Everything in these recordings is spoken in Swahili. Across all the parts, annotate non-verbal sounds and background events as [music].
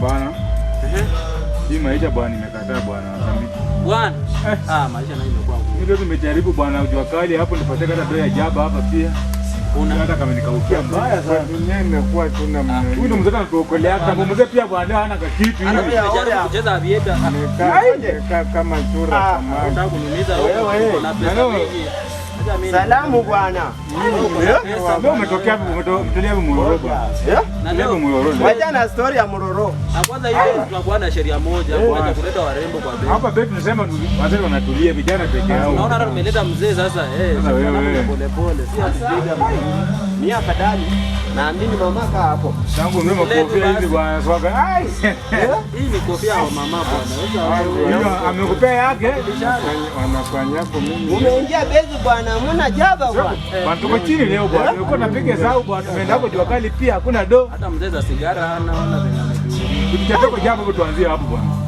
Bwana. Eh. Hii maisha bwana nimekataa bwana. Bwana. Eh. Ah, maisha na imekuwa ngumu. Ndio nimejaribu bwana ujua kali hapo nipate kata bei ya jaba hapa pia. Una hata kama nikaukia mbaya sana. Dunia imekuwa tuna ah, mwenyewe. Huyu ndo mzee anatuokolea hata mzee pia bwana hana kitu. Ana pia hora kucheza abieta. kama chura kama. Ah, unataka kuniuliza wewe na pesa nyingi. Salamu bwana. Eh? Eh? Wacha na story ya mroro. Ah, kwanza hiyo tunakuwa na sheria moja kwa eh. kuleta warembo kwa beti. Hapa beti tunasema wazee wanatulia vijana peke yao. Naona hata tumeleta mzee sasa. Eh, pole pole. Si afadhali. Mimi afadhali. Naamini mama kaa hapo. Shangu mimi kofia hizi bwana swaga. Ai. Hii ni kofia ya mama bwana. Ah, hiyo amekupea yake. Wanafanya hapo mimi. Umeingia bezi bwana, hamna jaba bwana. Bwana tuko chini leo bwana. Nilikuwa eh? napiga zao bwana, tumeenda hapo jua kali pia hakuna do. Hata mzee za sigara hana. Kijatoko jaba tuanzie hapo bwana.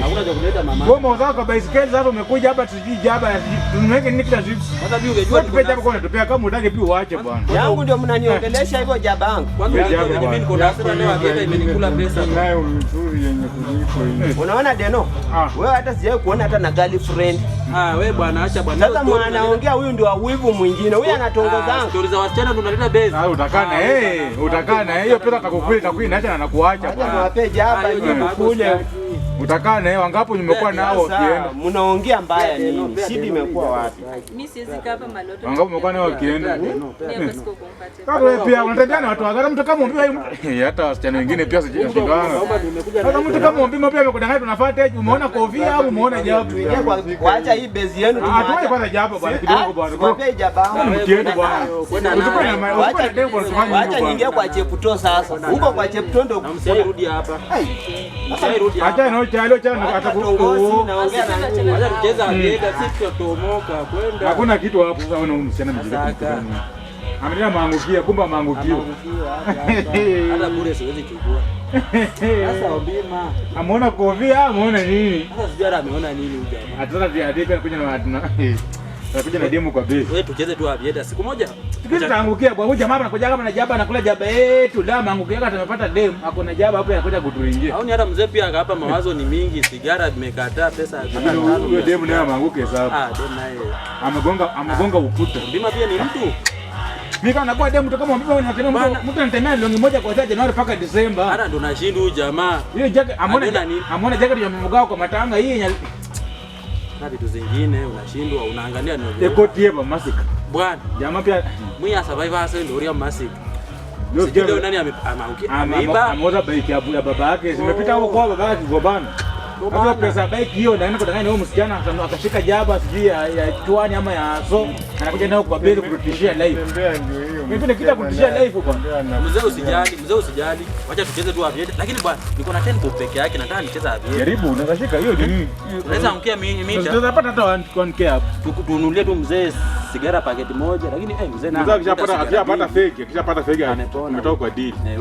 Hakuna cha Wewe mwanzo kwa baisikeli sasa umekuja hapa tujiji jaba ya tunaweke nini kila siku. Sasa mimi ungejua tupe jaba kwa natupea kama unataka pia uache bwana. Yangu ndio mnaniongelesha hivyo jaba yangu. Kwani mimi niko na hasira leo agenda imenikula pesa. Nayo mzuri yenye kuliko hii. Eh. Unaona Deno? Ah. Wewe hata sijawahi kuona hata na girlfriend. Ah wewe bwana acha bwana. Sasa mwanaongea huyu ndio wivu mwingine. Huyu anatongoza. Ah, Stori za wasichana tunaleta base. Ah utakaa na ah, yeye, utakaa na yeye. Hiyo pesa atakukulia, acha na nakuacha bwana. Acha niwape jaba hiyo kuja. Utakaa na Nimekuwa nao ukienda. Mnaongea mbaya nini? Shida imekuwa wapi? Mimi siwezi kaa hapa maloto. Wangapo umekuwa nao ukienda. Kama pia unatendea na watu wagani mtu kama umbi [laughs] hata wasichana wengine pia sijashindana. Kama mtu kama umbi pia amekudanganya tunafaa teju. Umeona kovia au umeona jabu? Waacha hii bezi yenu tumwache. Hatuwezi kwanza jabu bwana kidogo bwana. Ah, kwa jabu. Mkiende bwana. Waacha niingie kwa Cheputo sasa. Huko kwa Cheputo ndio kurudi hapa. Acha chana hakuna kitu hapo. Sasa wewe unamsiana mjinga, ameleta maangukia, kumba maangukio. Hata bure siwezi chukua. Sasa [laughs] obima. Ameona kovia, ameona nini? Sasa sijui ameona nini huyo. Atana vya debe watu na [laughs] Nakuja na demu kwa bei. Wewe tucheze tu hapo hata siku moja. Tukija tutaangukia kwa huyu jamaa anakuja kama na jaba anakula jaba yetu. Eh, da maangukia kama tumepata demu, ako na jaba hapo anakuja kutuingia. Au ni hata mzee pia hapa mawazo ni mingi, sigara imekataa pesa hazina. Huyo demu naye amaanguke sababu. Ah, demu naye. Amegonga amegonga ukuta. Bima pia ni mtu. Mimi kama nakuwa demu kama mimi natembea mtu anatembea longi moja kuanzia Januari mpaka Disemba. Hata ndo nashinda huyu jamaa. Yeye jacket amona amona jacket ya mgao kwa matanga hii unataka vitu zingine unashindwa, unaangalia ni ekoti ba masik. bwana jamaa pia mwiya survivor hasa ndio uria masika Ndio leo nani ameiba Amoza bike ya buya baba yake, zimepita huko kwa baba yake gobana Hapo pesa bike hiyo ndio inakudanganya wewe msichana akashika jaba sijui ya chwani ama ya so anakuja nayo kwa beli kurudishia live. Mzee usijali, mzee usijali. Wacha tucheze tu aviator. Lakini bwana, niko na 10 bob peke yake nataka nicheze aviator. Jaribu, unaweza shika hiyo nini? Unaweza ankia mimi. Tunaweza pata hata 1k hapo. Tununulie tu mzee sigara paketi moja, lakini eh mzee na. Mzee akishapata akishapata fake, akishapata fake ametoka kwa deal. Eh,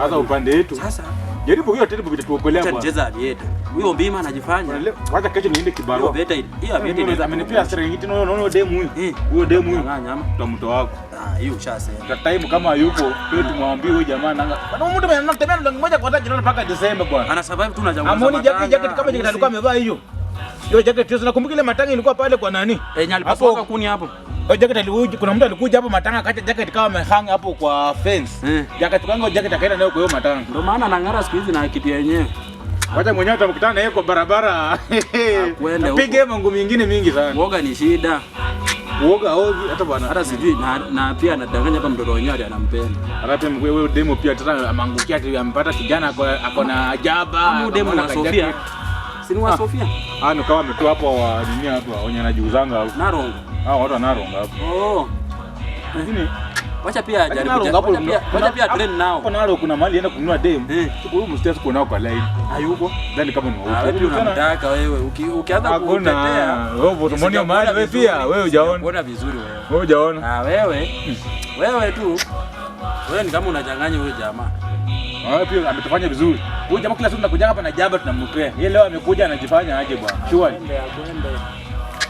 Sasa upande wetu. Sasa Jaribu hiyo taribu vitatuokolea bwana. Cheza abieta. Huyo mbima anajifanya. Wacha kesho niende kibarua. Hiyo beta hiyo abieta inaweza amenipia serengeti na unaona demu huyu. Huyo demu huyu. Eh. Tutamtoa wako. Ah, hiyo ushasema. Kwa time kama yupo, pia tumwambie huyo jamaa nanga. Bwana mtu mwenye anatembea ndani moja kwa tatu jana mpaka Desemba bwana. Ana survive tu na jamaa. Amoni jacket jacket kama jacket alikuwa amevaa hiyo. Hiyo jacket hiyo nakumbuka ile matanga ilikuwa pale kwa nani? Eh, kuni hapo. Hiyo oh, jacket alikuja, kuna mtu alikuja hapo matanga akacha jacket kama amehanga hapo kwa fence. Eh. Jacket kanga jacket akaenda nayo kwa hiyo matanga. Ndio maana anang'ara siku hizi na kitu yenyewe. Wacha mwenyewe utamkutana yeye kwa barabara. [laughs] Pige mangu mingine mingi sana. Uoga ni shida. Uoga ozi hata bwana. Hata sijui na, na pia anadanganya hapa mtoto wenyewe anampenda. Hata pia wewe demo pia tata amangukia ati ampata kijana akona ajaba. Huyu demo na Sofia. Si ni wa ah. Sofia? Ah, ni kama mtu hapo wa nini hapo wenye anajuzanga hapo. Narongo. Ah, watu wanaronga hapo. Oh. Lakini wacha pia jaribu hapo. Wacha pia train nao. Hapo nalo kuna mali enda kununua dem. Eh. Huyu mstari uko nao kwa live. Hayuko. Ndani kama ni wao. Ah, wewe unamtaka wewe. Ukianza kutetea. Wewe utamwona mali wewe pia. Wewe hujaona. Unaona vizuri wewe. Wewe hujaona. Ah, wewe. Wewe tu. Wewe ni kama unachanganya huyo jamaa. Wewe ah, pia ametufanya vizuri. Huyo jamaa kila siku tunakuja hapa na jaba tunamtwea. Yeye leo amekuja anajifanya aje bwana. Sure.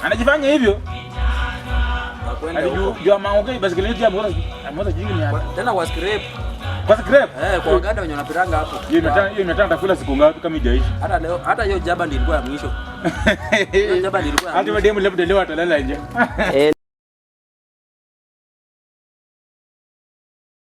Anajifanya hivyo. Ndio basi hapa. Tena scrape. Kwa scrape? Eh, kwa ganda wenye wanapiranga hapo. siku ngapi kama [laughs] Hata leo hata hiyo jaba ndio ilikuwa ya mwisho. [laughs] Jaba ndio ilikuwa. Hadi mademu leo atalala nje. [laughs]